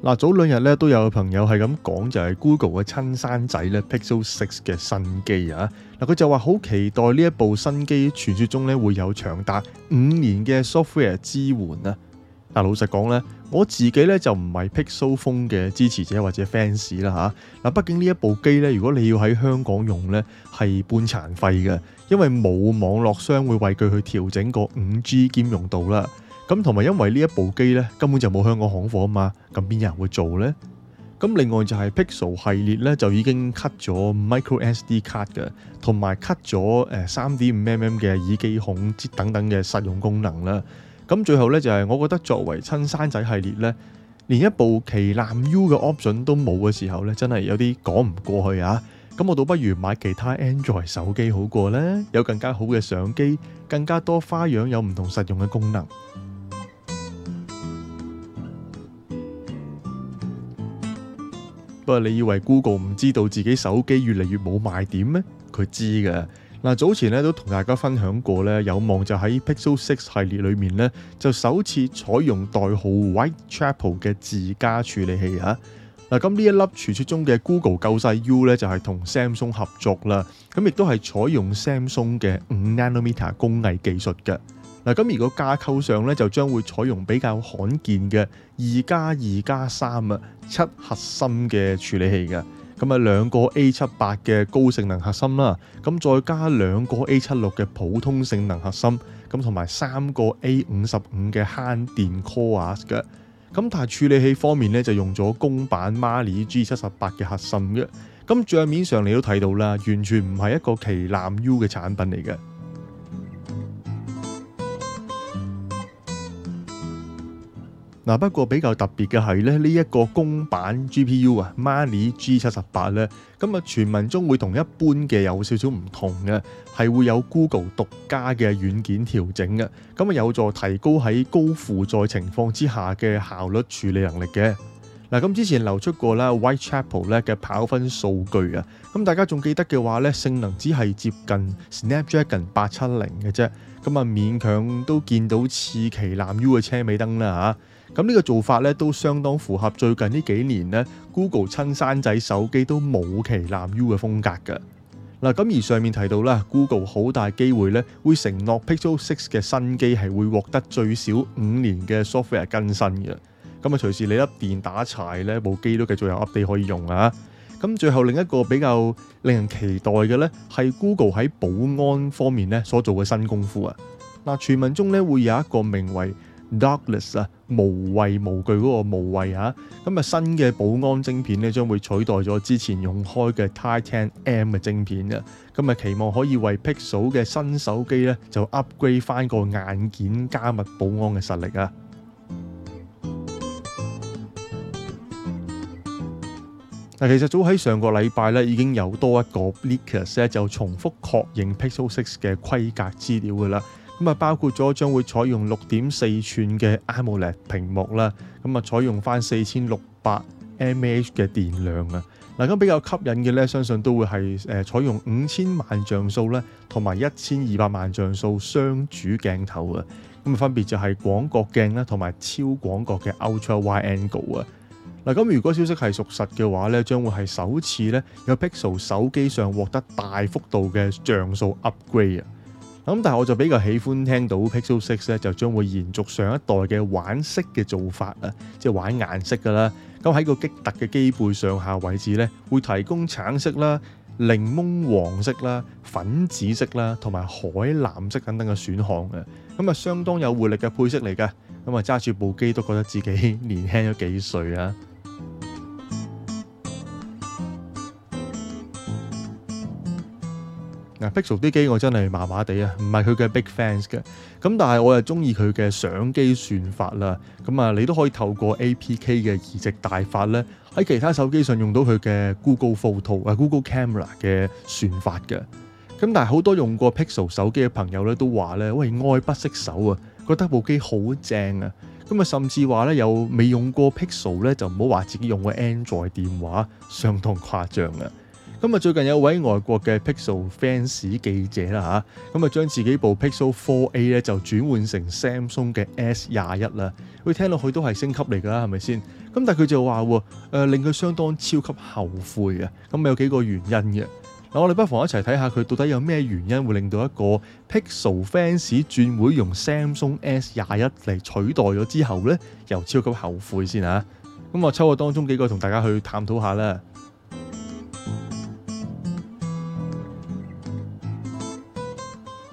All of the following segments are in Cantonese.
嗱，早兩日咧都有朋友係咁講，就係 Google 嘅親生仔咧 Pixel 6嘅新機啊，嗱佢就話好期待呢一部新機，傳説中咧會有長達五年嘅 software 支援啊。嗱，老實講咧，我自己咧就唔係 Pixel 風嘅支持者或者 fans 啦嚇。嗱，畢竟呢一部機咧，如果你要喺香港用咧，係半殘廢嘅，因為冇網絡商會為佢去調整個 5G 兼容度啦。咁同埋，因為呢一部機咧根本就冇香港行貨啊嘛，咁邊有人會做咧？咁另外就係 Pixel 系列咧，就已經 cut 咗 micro SD 卡嘅，同埋 cut 咗誒三點五 mm 嘅耳機孔之等等嘅實用功能啦。咁最後咧就係我覺得作為親生仔系列咧，連一部旗艦 U 嘅 option 都冇嘅時候咧，真係有啲講唔過去啊。咁我倒不如買其他 Android 手機好過咧，有更加好嘅相機，更加多花樣，有唔同實用嘅功能。不過你以為 Google 唔知道自己手機越嚟越冇賣點咩？佢知嘅。嗱，早前咧都同大家分享過咧，有望就喺 Pixel Six 系列裏面咧就首次採用代號 White Chapel 嘅自家處理器啊。嗱，咁呢一粒傳說中嘅 Google 救世 U 咧就係同 Samsung 合作啦，咁亦都係採用 Samsung 嘅五 nanometer 工藝技術嘅。嗱，咁如果架構上咧，就將會採用比較罕見嘅二加二加三啊，七核心嘅處理器㗎。咁啊，兩個 A 七八嘅高性能核心啦，咁再加兩個 A 七六嘅普通性能核心，咁同埋三個 A 五十五嘅慳電 Core 嘅。咁但係處理器方面咧，就用咗公版 Mali G 七十八嘅核心嘅。咁賬面上你都睇到啦，完全唔係一個旗艦 U 嘅產品嚟嘅。嗱，不過比較特別嘅係咧，呢、這、一個公版 G P U 啊 Mali G 七十八咧，咁啊傳聞中會同一般嘅有少少唔同嘅，係會有 Google 獨家嘅軟件調整嘅，咁啊有助提高喺高負載情況之下嘅效率處理能力嘅。嗱，咁之前流出過啦，Whitechapel 咧嘅跑分數據啊，咁大家仲記得嘅話咧，性能只係接近 Snapdragon 八七零嘅啫，咁啊勉強都見到次旗艦 U 嘅車尾燈啦嚇。咁呢個做法咧都相當符合最近呢幾年呢 Google 親生仔手機都冇旗艦 U 嘅風格嘅。嗱，咁而上面提到啦，Google 好大機會咧會承諾 Pixel Six 嘅新機係會獲得最少五年嘅 software 更新嘅，咁啊，隨時你一電打柴咧部機都繼續有 update 可以用啊。咁最後另一個比較令人期待嘅咧係 Google 喺保安方面咧所做嘅新功夫啊。嗱，傳聞中咧會有一個名為 Darkness 無謂無謂啊，無畏無懼嗰個無畏嚇，咁啊新嘅保安晶片呢將會取代咗之前用開嘅 Titan M 嘅晶片啊，咁啊期望可以為 Pixel 嘅新手機咧就 upgrade 返個硬件加密保安嘅實力啊。嗱，其實早喺上個禮拜已經有多一個 Bleakers 就重複確認 Pixel 6嘅規格資料㗎喇。咁啊，包括咗將會採用六點四吋嘅 AMOLED 屏幕啦，咁啊，採用返四千六百 mAh 嘅電量啊。嗱，咁比較吸引嘅咧，相信都會係誒採用五千萬像素咧，同埋一千二百萬像素雙主鏡頭啊。咁啊，分別就係廣角鏡咧，同埋超廣角嘅 Ultra Wide Angle 啊。嗱，咁如果消息係屬實嘅話咧，將會係首次咧，有 Pixel 手機上獲得大幅度嘅像素 upgrade 啊。咁但係我就比較喜歡聽到 Pixel 6咧就將會延續上一代嘅玩色嘅做法啊，即係玩顏色噶啦。咁喺個激突嘅機背上下位置咧，會提供橙色啦、檸檬黃色啦、粉紫色啦同埋海藍色等等嘅選項嘅。咁啊，相當有活力嘅配色嚟㗎。咁啊，揸住部機都覺得自己年輕咗幾歲啊！Pixel 啲機我真係麻麻地啊，唔係佢嘅 big fans 嘅，咁但係我又中意佢嘅相機算法啦，咁啊你都可以透過 APK 嘅移植大法咧，喺其他手機上用到佢嘅 Google Photo 啊 Google Camera 嘅算法嘅，咁但係好多用過 Pixel 手機嘅朋友咧都話咧，喂，愛不釋手啊，覺得部機好正啊，咁啊甚至話咧有未用過 Pixel 咧就唔好話自己用個 Android 電話相當誇張啊。今日最近有位外國嘅 Pixel fans 記者啦吓，咁啊將自己部 Pixel 4A 咧就轉換成 Samsung 嘅 S 廿一啦，會聽落去都係升級嚟噶啦，係咪先？咁但係佢就話誒、呃、令佢相當超級後悔啊！咁咪有幾個原因嘅嗱，我哋不妨一齊睇下佢到底有咩原因會令到一個 Pixel fans 轉會用 Samsung S 廿一嚟取代咗之後呢？又超級後悔先吓、啊。咁我抽個當中幾個同大家去探討下啦。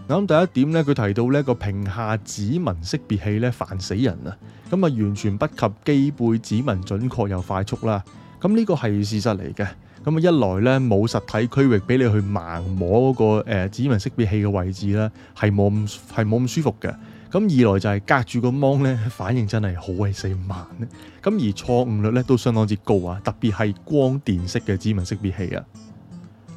咁第一點咧，佢提到呢個屏下指紋識別器咧煩死人啊！咁啊完全不及機背指紋準確又快速啦。咁呢個係事實嚟嘅。咁啊一來咧冇實體區域俾你去盲摸嗰個、那個、呃、指紋識別器嘅位置啦，係冇咁係冇咁舒服嘅。咁二來就係隔住個芒咧反應真係好鬼死慢。咁而錯誤率咧都相當之高啊，特別係光電式嘅指紋識別器啊。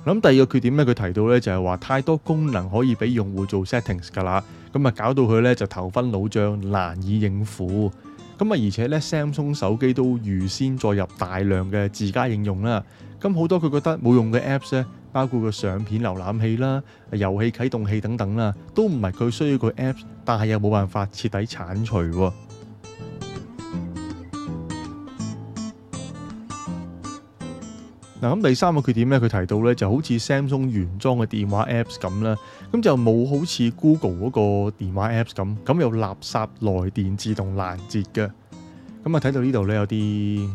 咁第二個缺點咧，佢提到咧就係話太多功能可以俾用戶做 settings 㗎啦，咁啊搞到佢咧就頭昏腦脹，難以應付。咁啊而且咧，Samsung 手機都預先載入大量嘅自家應用啦，咁好多佢覺得冇用嘅 apps 咧，包括個相片瀏覽器啦、遊戲啟動器等等啦，都唔係佢需要個 apps，但係又冇辦法徹底剷除喎、啊。嗱咁第三個缺點咧，佢提到咧就好似 Samsung 原裝嘅電話 Apps 咁啦，咁就冇好似 Google 嗰個電話 Apps 咁，咁有垃圾來電自動攔截嘅。咁啊睇到這裡呢度咧有啲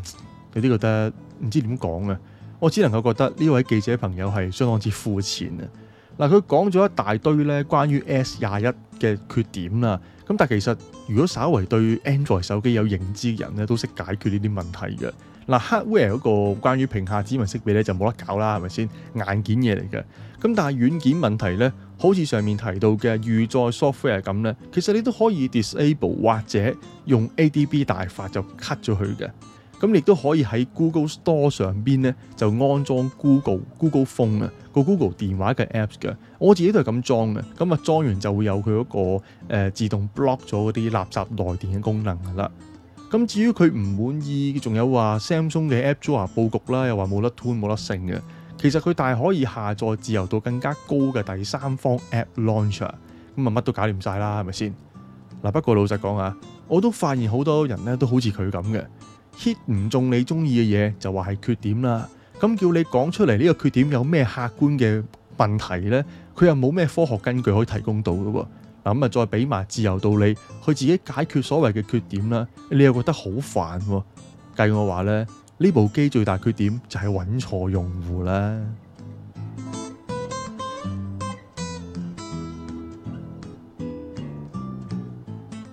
有啲覺得唔知點講啊，我只能夠覺得呢位記者朋友係相當之膚淺啊。嗱，佢講咗一大堆咧關於 S 廿一嘅缺點啦，咁但其實如果稍為對 Android 手機有認知嘅人咧，都識解決呢啲問題嘅。嗱、啊、hardware 嗰個關於屏下指紋識別咧就冇得搞啦，係咪先？硬件嘢嚟嘅。咁但係軟件問題咧，好似上面提到嘅預載 software 咁咧，其實你都可以 disable 或者用 ADB 大法就 cut 咗佢嘅。咁亦都可以喺 Google Store 上邊咧就安裝 Google Google Phone 啊，個 Google 電話嘅 apps 嘅。我自己都係咁裝嘅。咁啊裝完就會有佢嗰、那個、呃、自動 block 咗嗰啲垃圾來電嘅功能㗎啦。咁至於佢唔滿意，仲有話 Samsung 嘅 App Drawer 布局啦，又話冇得 tune 冇得升嘅。其實佢大可以下載自由度更加高嘅第三方 App Launcher，咁啊乜都搞掂晒啦，係咪先？嗱不過老實講啊，我都發現好多人咧都好似佢咁嘅，hit 唔中你中意嘅嘢就話係缺點啦。咁叫你講出嚟呢個缺點有咩客觀嘅問題呢？佢又冇咩科學根據可以提供到嘅喎。咁啊，再俾埋自由道理，去自己解決所謂嘅缺點啦，你又覺得好煩喎。計我話咧，呢部機最大缺點就係揾錯用戶啦。